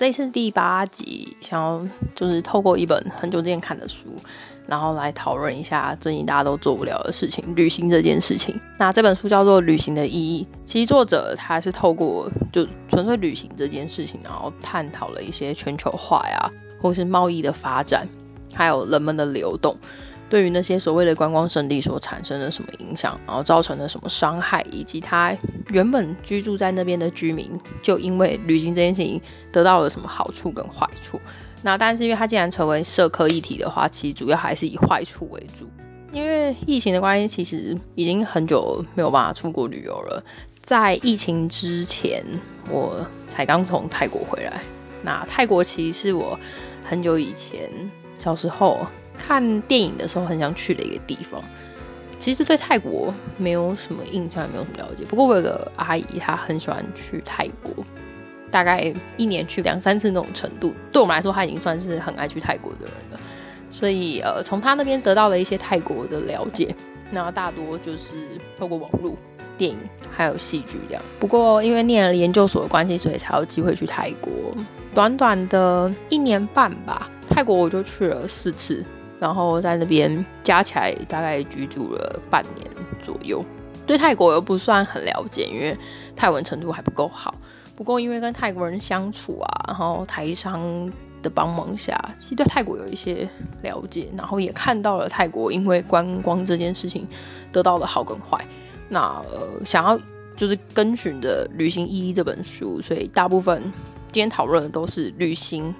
這是第八集，想要就是透過一本很久之前看的書，然後來討論一下最近大家都做不了的事情——旅行這件事情。那這本書叫做《旅行的異義》。其實作者他是透過就純粹旅行這件事情，然後探討了一些全球化啊，或是貿易的發展，還有人們的流動。對於那些所謂的觀光勝地所產生的什麼影響，然後造成的什麼傷害，以及他原本居住在那邊的居民，就因為旅行這件事情得到了什麼好處跟壞處？那但是，因為它既然成為社科議題的話，其實主要還是以壞處為主。因為疫情的關係，其實已經很久沒有辦法出國旅遊了。在疫情之前，我才剛從泰國回來。那泰國其實是我很久以前小時候。看電影的時候很想去的一個地方，其實對泰國沒有什麼印象，也沒有什麼了解。不過我有個阿姨，她很喜歡去泰國，大概一年去兩三次那種程度。對我們來說，她已經算是很愛去泰國的人了。所以呃，從她那邊得到了一些泰國的了解，那大多就是透過網絡、電影還有戲劇這樣。不過因為念了研究所的關係，所以才有機會去泰國。短短的一年半吧，泰國我就去了四次。然後在那邊加起來大概居住了半年左右，對泰國又不算很了解，因為泰文程度還不夠好。不過因為跟泰國人相處啊，然後台商的幫忙下，其實對泰國有一些了解。然後也看到了泰國因為觀光這件事情得到了好跟壞。那、呃、想要就是跟循着《旅行異義》這本書，所以大部分今天討論的都是旅行。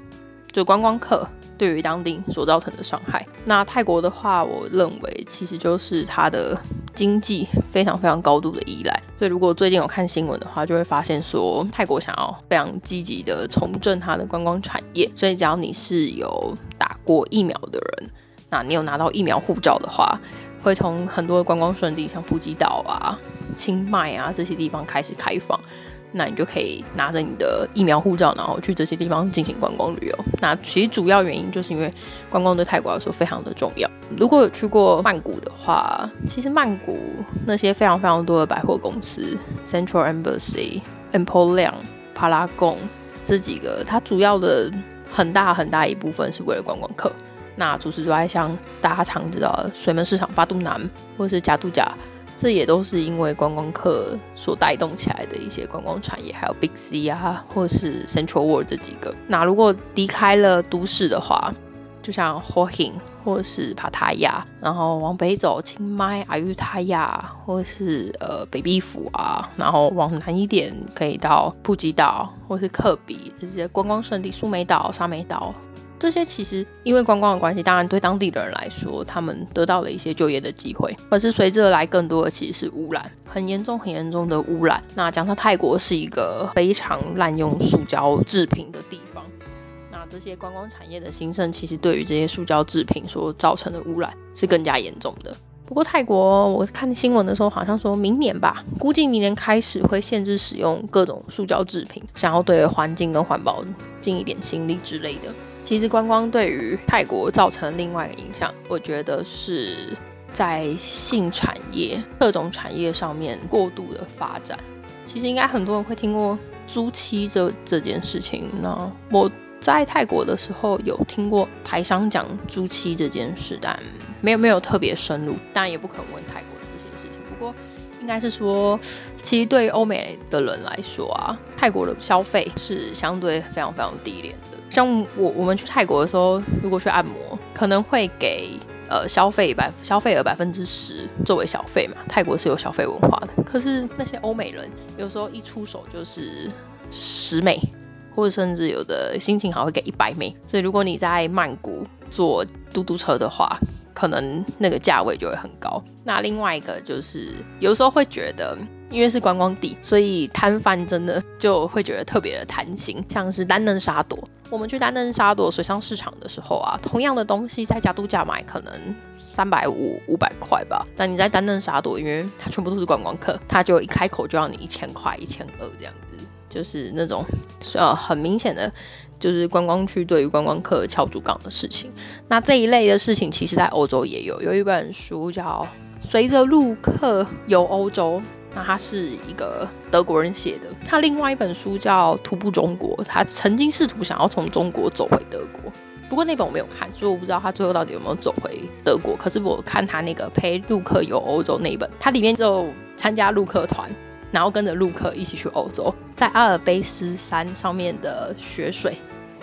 就觀光客對於當地所造成的傷害，那泰國的話，我認為其實就是它的經濟非常非常高度的依賴。所以如果最近有看新聞的話，就會發現說泰國想要非常積極地重振它的觀光產業。所以只要你是有打過疫苗的人，那你有拿到疫苗護照的話，會從很多的觀光勝地，像普吉島啊、清邁啊這些地方開始開放。那你就可以拿着你的疫苗護照，然後去這些地方進行觀光旅遊。那其實主要原因就是因為觀光對泰國來說非常的重要。如果有去過曼谷的話，其實曼谷那些非常非常多的百貨公司，Central Embassy、Emporium、帕拉貢這幾個，它主要的很大很大一部分是為了觀光客。那除此之外，像大家常知道的水門市場、八度南或者是加度甲度假。這也都是因為觀光客所帶動起來的一些觀光產業，還有 Big C 啊，或是 Central World 這幾個。那、啊、如果離開了都市的話，就像 Hua Hin 或是 Pattaya 然後往北走清邁、阿瑜他亞或是呃北碧府啊，然後往南一點可以到普吉島或是克比這些、就是、觀光勝地，蘇梅島、沙美島。這些其實因為觀光的關係，當然對當地的人來說，他們得到了一些就業的機會。可是隨之而來更多的其實是污染，很嚴重、很嚴重的污染。那講到泰國是一個非常濫用塑膠製品的地方，那這些觀光產業的興盛，其實對於這些塑膠製品所造成的污染是更加嚴重的。不過泰國，我看新聞的時候好像說明年吧，估計明年開始會限制使用各種塑膠製品，想要對環境跟環保盡一點心力之類的。其實觀光對於泰國造成另外一個影響，我覺得是在性產業、各種產業上面過度的發展。其實應該很多人會聽過租妻這這件事情呢。我在泰國的時候有聽過台商講租妻這件事，但沒有沒有特別深入，當然也不可能問泰國。應該是說，其實對於歐美的人來說啊，泰國的消費是相對非常非常低廉的。像我我們去泰國的時候，如果去按摩，可能會給呃消費百消費額百分之十作為小費嘛。泰國是有消費文化的。可是那些歐美人有時候一出手就是十美，或者甚至有的心情好像會給一百美。所以如果你在曼谷坐嘟嘟車的話，可能那個價位就會很高。那另外一個就是，有時候會覺得，因為是觀光地，所以攤販真的就會覺得特別的貪心。像是丹嫩沙朵，我們去丹嫩沙朵水上市場的時候啊，同樣的東西在加度假買可能三百五、五百塊吧，那你在丹嫩沙朵，因為它全部都是觀光客，它就一開口就要你一千塊、一千二這樣子，就是那種呃很明顯的。就是觀光區對於觀光客敲竹槓的事情，那這一類的事情，其實在歐洲也有。有一本書叫《隨着陸客遊歐洲》，那他是一個德國人寫的。他另外一本書叫《徒步中國》，他曾經試圖想要從中國走回德國，不過那本我沒有看，所以我不知道他最後到底有沒有走回德國。可是我看他那個《陪陸客遊歐洲》那一本，他裡面只有參加陸客團，然後跟着陸客一起去歐洲，在阿爾卑斯山上面的雪水。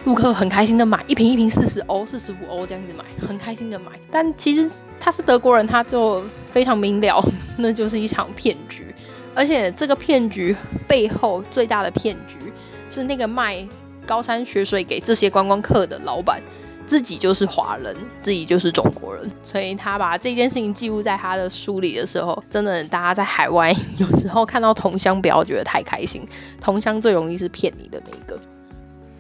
顧客很開心的買一瓶一瓶四十歐、四十五歐這樣子買，很開心的買。但其實他是德國人，他就非常明了， 那就是一場騙局。而且這個騙局背後最大的騙局是那個賣高山雪水給這些觀光客的老板自己就是華人，自己就是中國人。所以他把這件事情記錄在他的書裡的時候，真的大家在海外 有時候看到同鄉，不要覺得太開心，同鄉最容易是騙你的那個。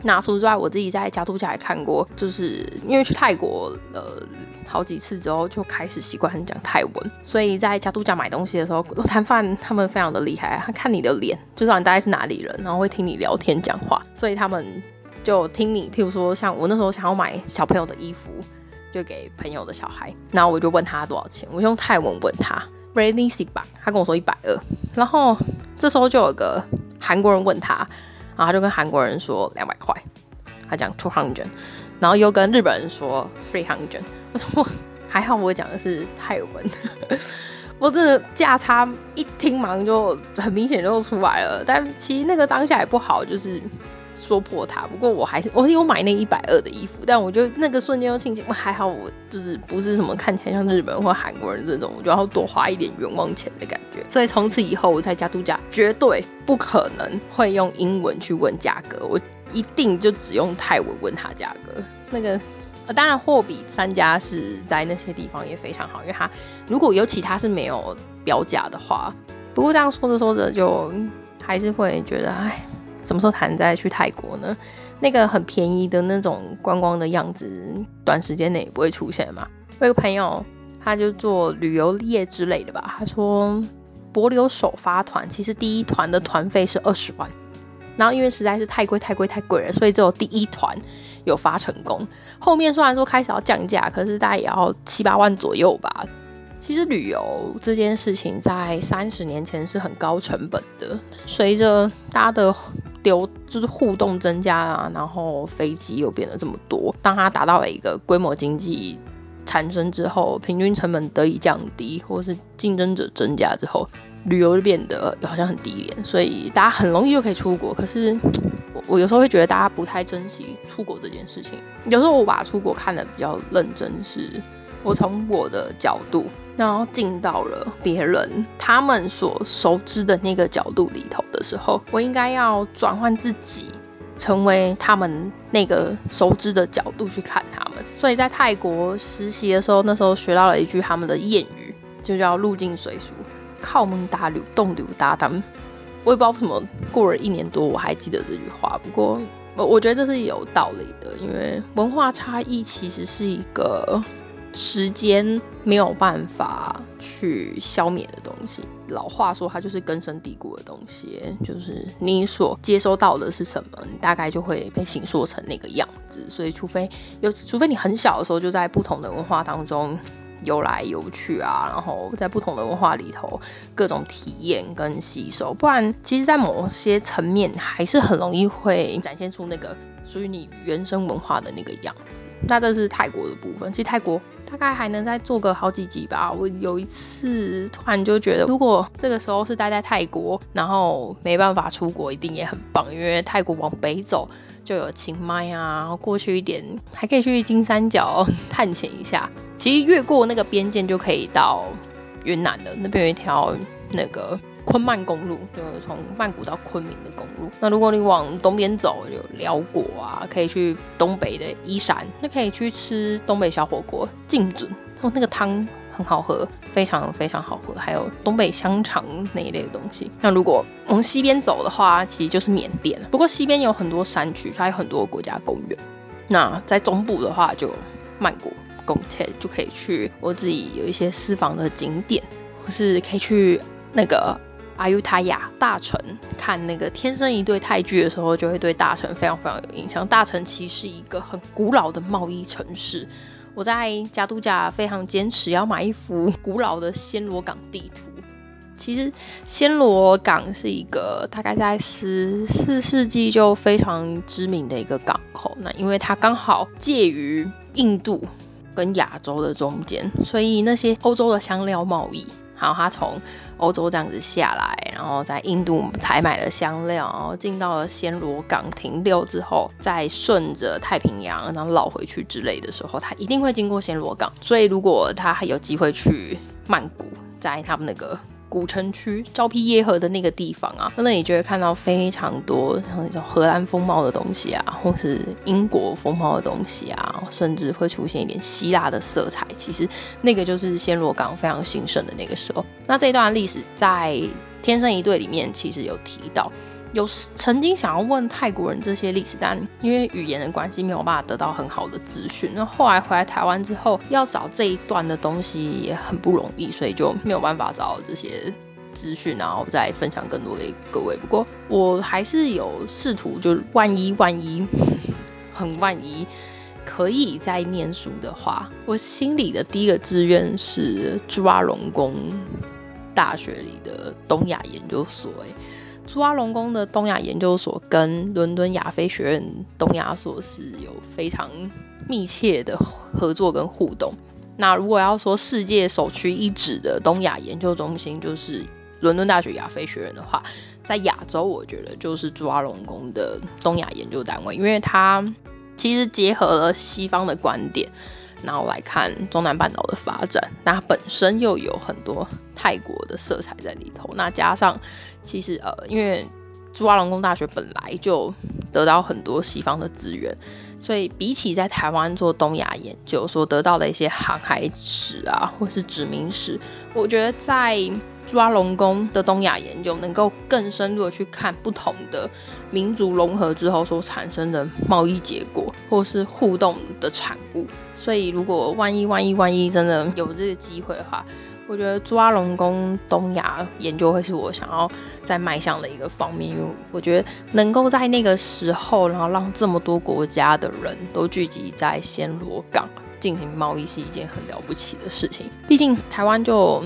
拿除此之外，我自己在加度假也看過，就是因為去泰國了，呃、好幾次之後，就開始習慣很講泰文，所以在加度假買東西的時候，攤販他們非常的厲害，他看你的臉，就知道你大概是哪裡人，然後會聽你聊天講話，所以他們就聽你，譬如說像我那時候想要買小朋友的衣服，就給朋友的小孩，然後我就問他多少錢，我用泰文問他，bradisibang，他跟我說一百二，然後這時候就有個韓國人問他。然後他就跟韓國人說兩百塊，他講 two hundred，然後又跟日本人說 three hundred。我說我還好我講的是泰文， 我真的價差一聽嘛，就很明顯就出來了。但其實那個當下也不好，就是。說破他，不過我還是我是有買那一百二的衣服，但我覺得那個瞬間又慶幸，還好我就是不是什麼看起來像日本或韓國人這種，我就要多花一點冤枉錢的感覺。所以從此以後我在家度假絕對不可能會用英文去問價格，我一定就只用泰文問他價格。那個呃，當然貨比三家是在那些地方也非常好，因為它如果有其他是沒有標價的話。不過這樣說着說着就還是會覺得哎。什麼時候還能再去泰國呢？那個很便宜的那種觀光的樣子，短時間內不會出現嘛。我有個朋友，他就做旅遊業之類的吧，他說，帛琉首發團其實第一團的團費是二十萬，然後因為實在是太貴、太貴、太貴了，所以只有第一團有發成功。後面雖然說開始要降價，可是大概也要七八萬左右吧。其實旅遊這件事情在三十年前是很高成本的。隨着大家的流就是互動增加啊，然後飛機又變得這麼多，當它達到了一個規模經濟產生之後，平均成本得以降低，或是競爭者增加之後，旅遊就變得好像很低廉，所以大家很容易就可以出國。可是我，我有時候會覺得大家不太珍惜出國這件事情。有時候我把出國看得比較認真，是我從我的角度。然後進到了別人他們所熟知的那個角度裡頭的時候，我應該要轉換自己，成為他們那個熟知的角度去看他們。所以在泰國實習的時候，那時候學到了一句他們的諺語，就叫“入境隨俗，靠門搭柳，動旅搭單”。我也不知道為什麼過了一年多我還記得這句話。不過我我覺得這是有道理的，因為文化差異其實是一個。時間沒有辦法去消滅的東西，老話說它就是根深蒂固的東西。就是你所接收到的是什麼，你大概就會被形塑成那個樣子。所以，除非有，除非你很小的時候就在不同的文化當中游來游去啊，然後在不同的文化裡頭各種體驗跟吸收，不然，其實，在某些層面還是很容易會展現出那個屬於你原生文化的那個樣子。那這是泰國的部分，其實泰國。大概還能再做個好幾集吧。我有一次突然就覺得，如果這個時候是待在泰國，然後沒辦法出國，一定也很棒。因為泰國往北走就有清邁啊，過去一點還可以去金三角探險一下。其實越過那個邊界就可以到雲南了，那邊有一條那個。昆曼公路就是從曼谷到昆明的公路。那如果你往東邊走，有寮國啊，可以去東北的伊山，那可以去吃東北小火鍋，靖准，哦，那個湯很好喝，非常非常好喝，還有東北香腸那一類的東西。那如果往西邊走的話，其實就是緬甸。不過西邊有很多山區，它有很多國家公園。那在中部的話就，就曼谷、貢鐵，就可以去，我自己有一些私房的景點，或，就是可以去那個。阿尤塔亞大城，看那個《天生一對》泰劇的時候，就會對大城非常非常有印象。大城其實是一個很古老的貿易城市。我在加都加非常堅持要買一幅古老的暹羅港地圖。其實暹羅港是一個大概在十四世紀就非常知名的一個港口。那因為它剛好介於印度跟亞洲的中間，所以那些歐洲的香料貿易。好，然後他從歐洲這樣子下來，然後在印度採買了香料，然後進到了暹羅港停留之後，再順着太平洋然後繞回去之類的時候，他一定會經過暹羅港。所以，如果他還有機會去曼谷，在他們那個。古城區昭披耶河的那個地方啊，那你就會看到非常多像那種荷蘭風貌的東西啊，或是英國風貌的東西啊，甚至會出現一點希臘的色彩。其實那個就是暹羅港非常興盛的那個時候。那這段歷史在《天生一對》裡面其實有提到。有曾經想要問泰國人這些歷史單，但因為語言的關係，沒有辦法得到很好的資訊。那後來回來台灣之後，要找這一段的東西也很不容易，所以就沒有辦法找到這些資訊，然後再分享更多給各位。不過我還是有試圖，就是萬一萬一，呵呵很萬一，可以再念書的話，我心裡的第一個志願是朱拉隆功大學裡的東亞研究所欸。朱拉隆功的東亞研究所跟倫敦亞非學院東亞所是有非常密切的合作跟互動。那如果要說世界首屈一指的東亞研究中心，就是倫敦大學亞非學院的話，在亞洲我覺得就是朱拉隆功的東亞研究單位，因為它其實結合了西方的觀點。然後來看中南半島的發展，那它本身又有很多泰國的色彩在裡頭，那加上其實呃，因為朱拉隆功大學本來就得到很多西方的資源。所以，比起在台灣做東亞研究所得到的一些航海史啊，或是殖民史，我覺得在抓龍宮的東亞研究，能夠更深入的去看不同的民族融合之後所產生的貿易結果，或是互動的產物。所以，如果萬一、萬一、萬一真的有這個機會的話，我覺得朱拉隆功東亞研究會是我想要在邁向的一個方面，因為我覺得能夠在那個時候，然後讓這麼多國家的人都聚集在暹羅港進行貿易，是一件很了不起的事情。畢竟台灣就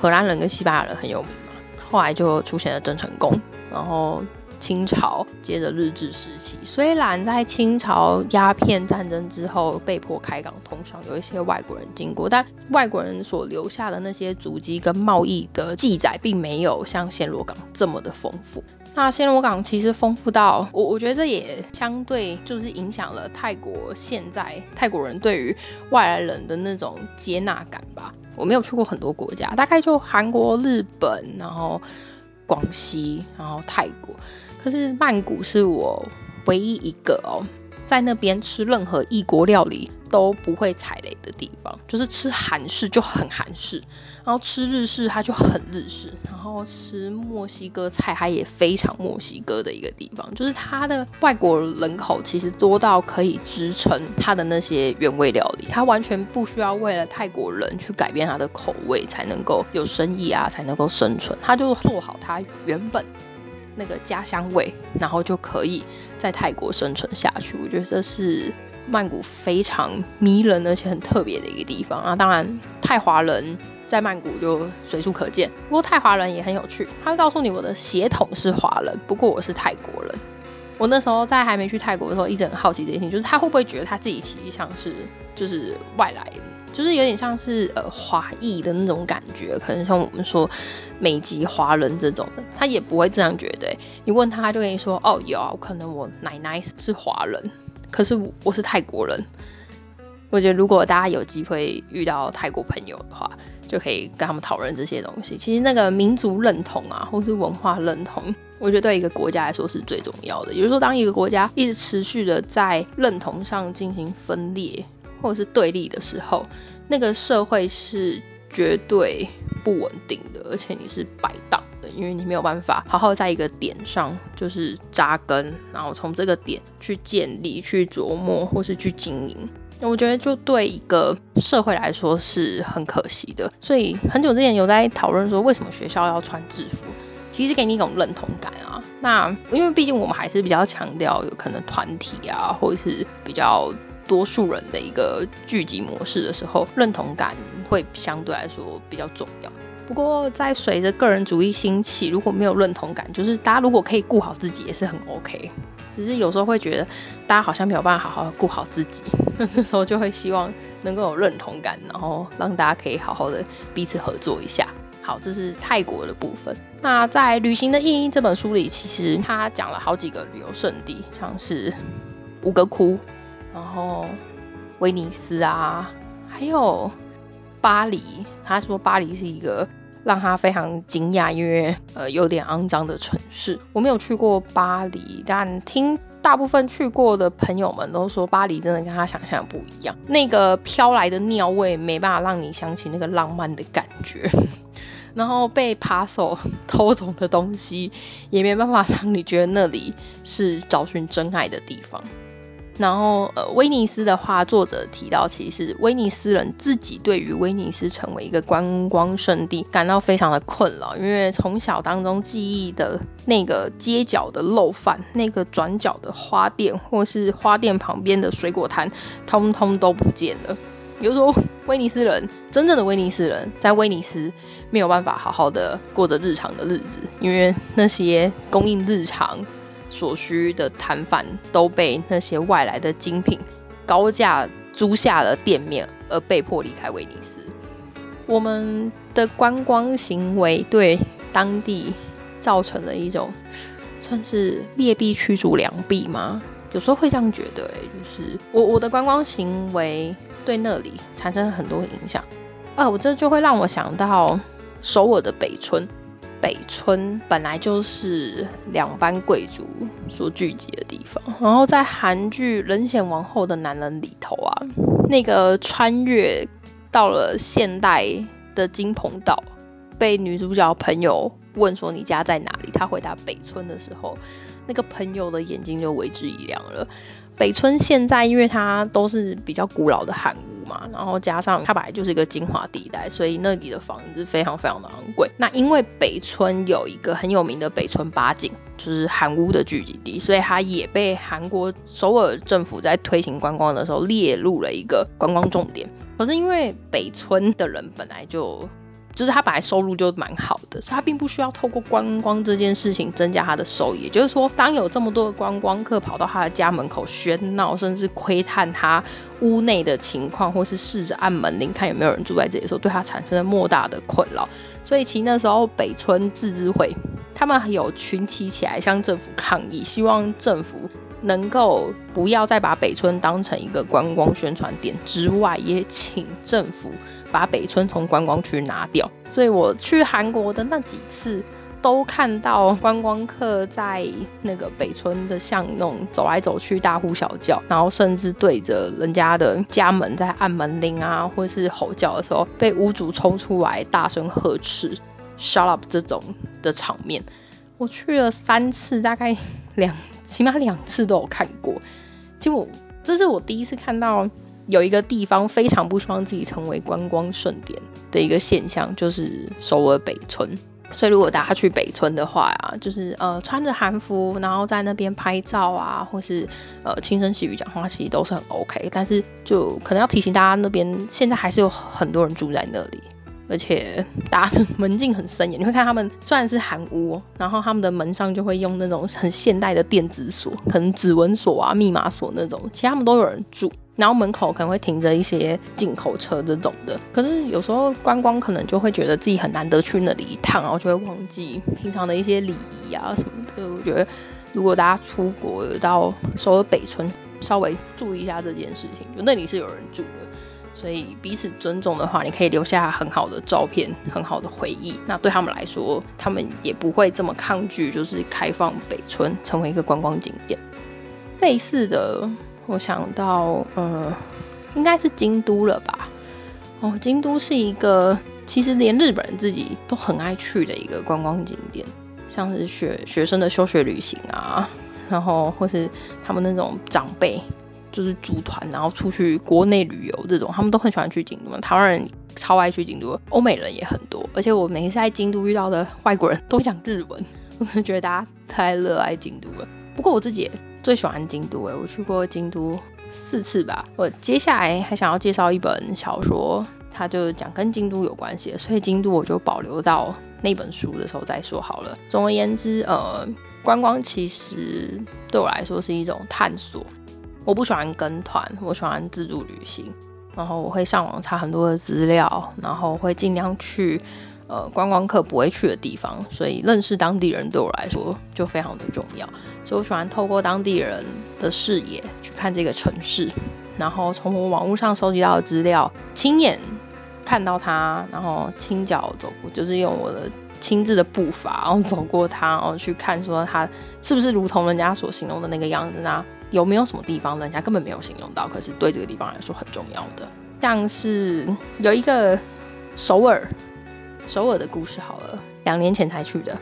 荷蘭人跟西班牙人很有名嘛，後來就出現了鄭成功，然後。清朝接着日治時期，雖然在清朝鴉片戰爭之後被迫開港通商，有一些外國人經過，但外國人所留下的那些足跡跟貿易的記載，並沒有像暹羅港這麼的豐富。那暹羅港其實豐富到我，我覺得這也相對就是影響了泰國現在泰國人對於外來人的那種接納感吧。我沒有去過很多國家，大概就韓國、日本，然後廣西，然後泰國。可是曼谷是我唯一一個哦，在那邊吃任何異國料理都不會踩雷的地方，就是吃韓式就很韓式，然後吃日式它就很日式，然後吃墨西哥菜它也非常墨西哥的一個地方，就是它的外國人口其實多到可以支撐它的那些原味料理，它完全不需要為了泰國人去改變它的口味才能夠有生意啊，才能夠生存，它就做好它原本那個家鄉味，然後就可以在泰國生存下去。我覺得這是曼谷非常迷人而且很特別的一個地方。啊，當然泰華人在曼谷就隨處可見。不過泰華人也很有趣，他會告訴你我的血統是華人，不過我是泰國人。我那時候在還沒去泰國的時候，一直很好奇這件事情，就是他會不會覺得他自己其實像是就是外來的，就是有點像是呃華裔的那種感覺。覺可能像我們說美籍華人這種的，他也不會這樣覺得。你問他，他就跟你說：“哦，有啊，可能我奶奶是，不是華人，可是我，我是泰國人。”我覺得如果大家有機會遇到泰國朋友的話，就可以跟他們討論這些東西。其實那個民族認同啊，或是文化認同，我覺得對一個國家來說是最重要的。也就是說，當一個國家一直持續的在認同上進行分裂或者是對立的時候，那個社會是。絕對不穩定的，而且你是擺檔的，因為你沒有辦法好好在一個點上就是扎根，然後從這個點去建立、去琢磨或是去經營。那我覺得，就對一個社會來說是很可惜的。所以很久之前有在討論說，為什麼學校要穿制服？其實給你一種認同感啊。那因為畢竟我們還是比較強調有可能團體啊，或者是比較多數人的一個聚集模式的時候，認同感。會相對來說比較重要，不過在隨着個人主義興起，如果沒有認同感，就是大家如果可以顧好自己也是很 OK。只是有時候會覺得大家好像沒有辦法好好的顧好自己，那 這時候就會希望能夠有認同感，然後讓大家可以好好的彼此合作一下。好，這是泰國的部分。那在《旅行的異義》這本書裡，其實他講了好幾個旅遊勝地，像是吳哥窟，然後威尼斯啊，還有。巴黎，他說巴黎是一個讓他非常驚訝，因為呃有點骯髒的城市。我沒有去過巴黎，但聽大部分去過的朋友們都說，巴黎真的跟他想象不一樣。那個飄來的尿味沒辦法讓你想起那個浪漫的感覺， 然後被扒手偷走的東西也沒辦法讓你覺得那裡是找尋真愛的地方。然後，呃，威尼斯的話，作者提到，其實威尼斯人自己對於威尼斯成為一個觀光勝地感到非常的困擾，因為從小當中記憶的那個街角的漏飯、那個轉角的花店，或是花店旁邊的水果攤，通通都不見了。也就是說，威尼斯人真正的威尼斯人，在威尼斯沒有辦法好好的過着日常的日子，因為那些供應日常，所需的攤販都被那些外來的精品高價租下了店面，而被迫離開威尼斯。我們的觀光行為對當地造成了一種，算是劣幣驅逐良幣嗎？有時候會這樣覺得，欸，就是我我的觀光行為對那裡產生很多影響。啊，我這就會讓我想到首爾的北村。北村本來就是兩班貴族所聚集的地方。然後在韓劇《仁顯王後的男人》裡頭啊，那個穿越到了現代的金鵬道，被女主角朋友問說，你家在哪裡？他回答北村的時候，那個朋友的眼睛就為之一亮了。北村現在因為他都是比較古老的韓。嘛，然後加上它本來就是一個精華地帶，所以那裡的房子非常非常的昂貴。那因為北村有一個很有名的北村八景，就是韓屋的聚集地，所以它也被韓國首爾政府在推行觀光的時候列入了一個觀光重點。可是因為北村的人本來就就是他本來收入就蠻好的，所以他並不需要透過觀光這件事情增加他的收益。也就是說，當有這麼多的觀光客跑到他的家門口喧鬧，甚至窺探他屋內的情況，或是試着按門鈴看，看有沒有人住在這裡的時候，對他產生了莫大的困擾。所以，其實那時候北村自治會他們有群起起來向政府抗議，希望政府能夠不要再把北村當成一個觀光宣傳點之外，也請政府。把北村從觀光區拿掉，所以我去韓國的那幾次都看到觀光客在那個北村的巷弄走來走去，大呼小叫，然後甚至對着人家的家門在按門鈴啊，或是吼叫的時候，被屋主衝出來大聲呵斥 “shut up” 這種的場面，我去了三次，大概兩，起碼兩次都有看過。其實我，這是我第一次看到。有一個地方非常不希望自己成為觀光順點的一個現象，就是首爾北村。所以如果大家去北村的話啊，就是呃穿着韓服，然後在那邊拍照啊，或是呃輕聲細語講話，其實都是很 OK。但是就可能要提醒大家，那邊現在還是有很多人住在那裡，而且大家的門禁很森嚴。你會看他們雖然是韓屋，然後他們的門上就會用那種很現代的電子鎖，可能指紋鎖啊、密碼鎖那種，其實他，他們都有人住。然後門口可能會停着一些進口車這種的，可是有時候，觀光可能就會覺得自己很難得去那裡一趟，然後就會忘記平常的一些禮儀啊什麼的。我覺得如果大家出國到首爾北村，稍微注意一下這件事情，就那裡是有人住的，所以彼此尊重的話，你可以留下很好的照片，很好的回憶。那對他們來說，他們也不會這麼抗拒，就是開放北村成為一個觀光景點，類似的。我想到，呃、嗯，應該是京都了吧？哦，京都是一個其實連日本人自己都很愛去的一個觀光景點，像是學學生的休學旅行啊，然後或是他們那種長輩就是組團然後出去國內旅遊這種，他們都很喜歡去京都嘛。台灣人超愛去京都，歐美人也很多，而且我每一次在京都遇到的外國人都講日文，我真覺得大家太熱愛京都了。不過我自己也。最喜歡京都誒，我去過京都四次吧。我接下來還想要介紹一本小說，它就講跟京都有關係的，所以京都我就保留到那本書的時候再說好了。總而言之，呃，觀光其實對我來說是一種探索。我不喜歡跟團，我喜歡自助旅行。然後我會上網查很多的資料，然後會盡量去。呃，觀光客不會去的地方，所以認識當地人對我來說就非常的重要。所以我喜歡透過當地人的視野去看這個城市，然後從我網絡上收集到的資料，親眼看到它，然後親腳走過，就是用我的親自的步伐，然後走過它，然後去看說它是不是如同人家所形容的那個樣子呢？那有沒有什麼地方人家根本沒有形容到，可是對這個地方來說很重要的，像是有一個首爾。首爾的故事好了，兩年前才去的。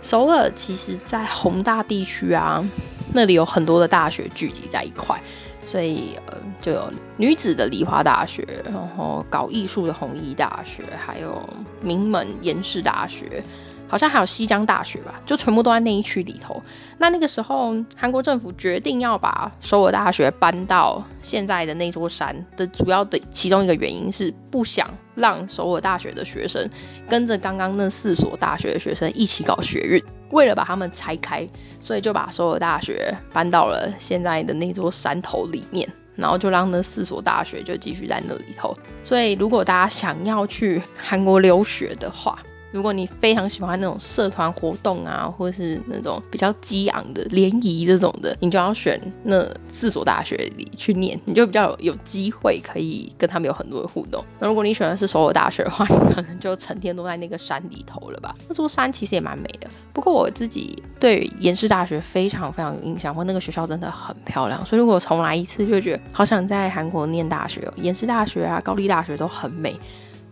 首爾其實在弘大地區啊，那裡有很多的大學聚集在一塊，所以呃就有女子的梨花大學，然後搞藝術的弘益大學，還有名門延世大學，好像還有西江大學吧，就全部都在那一區裡頭。那那個時候韓國政府決定要把首爾大學搬到現在的那座山的主要的其中一個原因是不想讓首爾大學的學生。跟着剛剛那四所大學的學生一起搞學運，為了把他們拆開，所以就把所有大學搬到了現在的那座山頭裡面，然後就讓那四所大學就繼續在那裡頭。所以如果大家想要去韓國留學的話，如果你非常喜歡那種社團活動啊，或是那種比較激昂的聯誼這種的，你就要選那四所大學裡去念，你就比較有，有機會可以跟他們有很多的互動。那如果你選的是首爾大學的話，你可能就成天都在那個山裡頭了吧？那座山其實也蠻美的。不過我自己對延世大學非常非常有印象，我那個學校真的很漂亮。所以如果我重來一次，就會覺得好想在韓國念大學哦，延世大學啊、高麗大學都很美，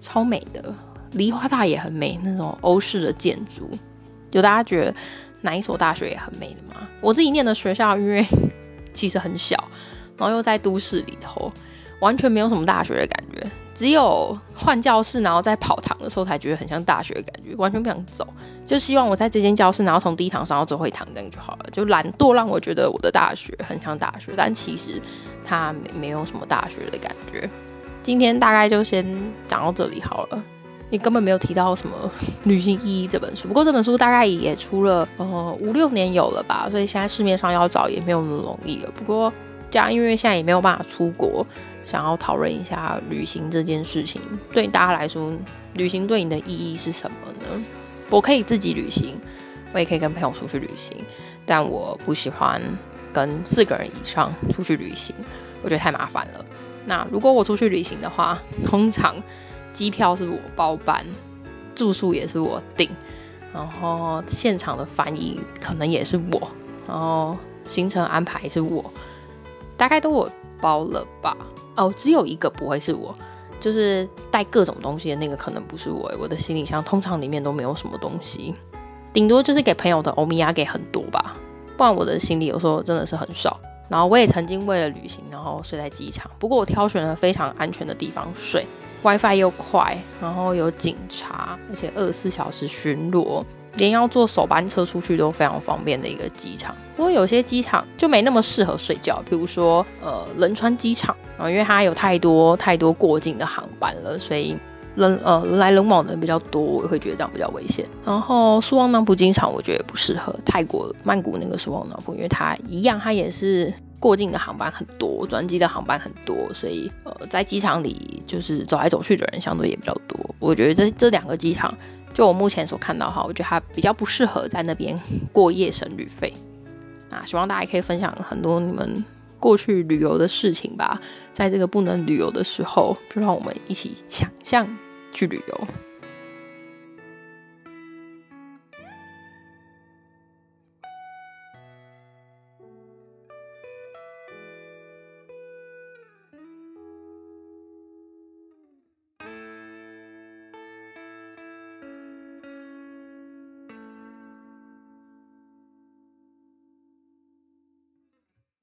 超美的。梨花大也很美，那種歐式的建築，有大家覺得哪一所大學也很美的嗎？我自己念的學校，因為 其實很小，然後又在都市裡頭，完全沒有什麼大學的感覺。只有換教室，然後在跑堂的時候才覺得很像大學的感覺，完全不想走，就希望我在這間教室，然後從第一堂上到最後一堂這樣就好了。就懶惰讓我覺得我的大學很像大學，但其實它沒沒有什麼大學的感覺。今天大概就先講到這裡好了。你根本沒有提到什麼 旅行異義這本書，不過這本書大概也出了呃五六年有了吧，所以現在市面上要找也沒有那麼容易了。不過加因為現在也沒有辦法出國，想要討論一下旅行這件事情，對大家來說，旅行對你的意義是什麼呢？我可以自己旅行，我也可以跟朋友出去旅行，但我不喜歡跟四個人以上出去旅行，我覺得太麻煩了。那如果我出去旅行的話，通常。機票是我包辦，住宿也是我訂，然後現場的翻譯可能也是我，然後行程安排是我，大概都我包了吧。哦，只有一個不會是我，就是帶各種東西的那個可能不是我。我的行李箱通常裡面都沒有什麼東西，頂多就是給朋友的歐米亞給很多吧，不然我的行李有時候真的是很少。然後我也曾經為了旅行，然後睡在機場。不過我挑選了非常安全的地方睡，WiFi 又快，然後有警察，而且二十四小時巡邏，連要坐首班車出去都非常方便的一個機場。不過有些機場就沒那麼適合睡覺，比如說呃仁川機場啊，然後因為它有太多太多過境的航班了，所以。人呃，人來人往的人比較多，我也會覺得這樣比較危險。然後素萬那普機場，我覺得也不適合。泰國曼谷那個素萬那普，因為它一樣，它也是過境的航班很多，轉機的航班很多，所以呃在機場裡就是走來走去的人相對也比較多。我覺得這這兩個機場，就我目前所看到哈，我覺得它比較不適合在那邊過夜省旅費。啊，希望大家可以分享很多你們。過去旅遊的事情吧，在這個不能旅遊的時候，就讓我們一起想象去旅遊。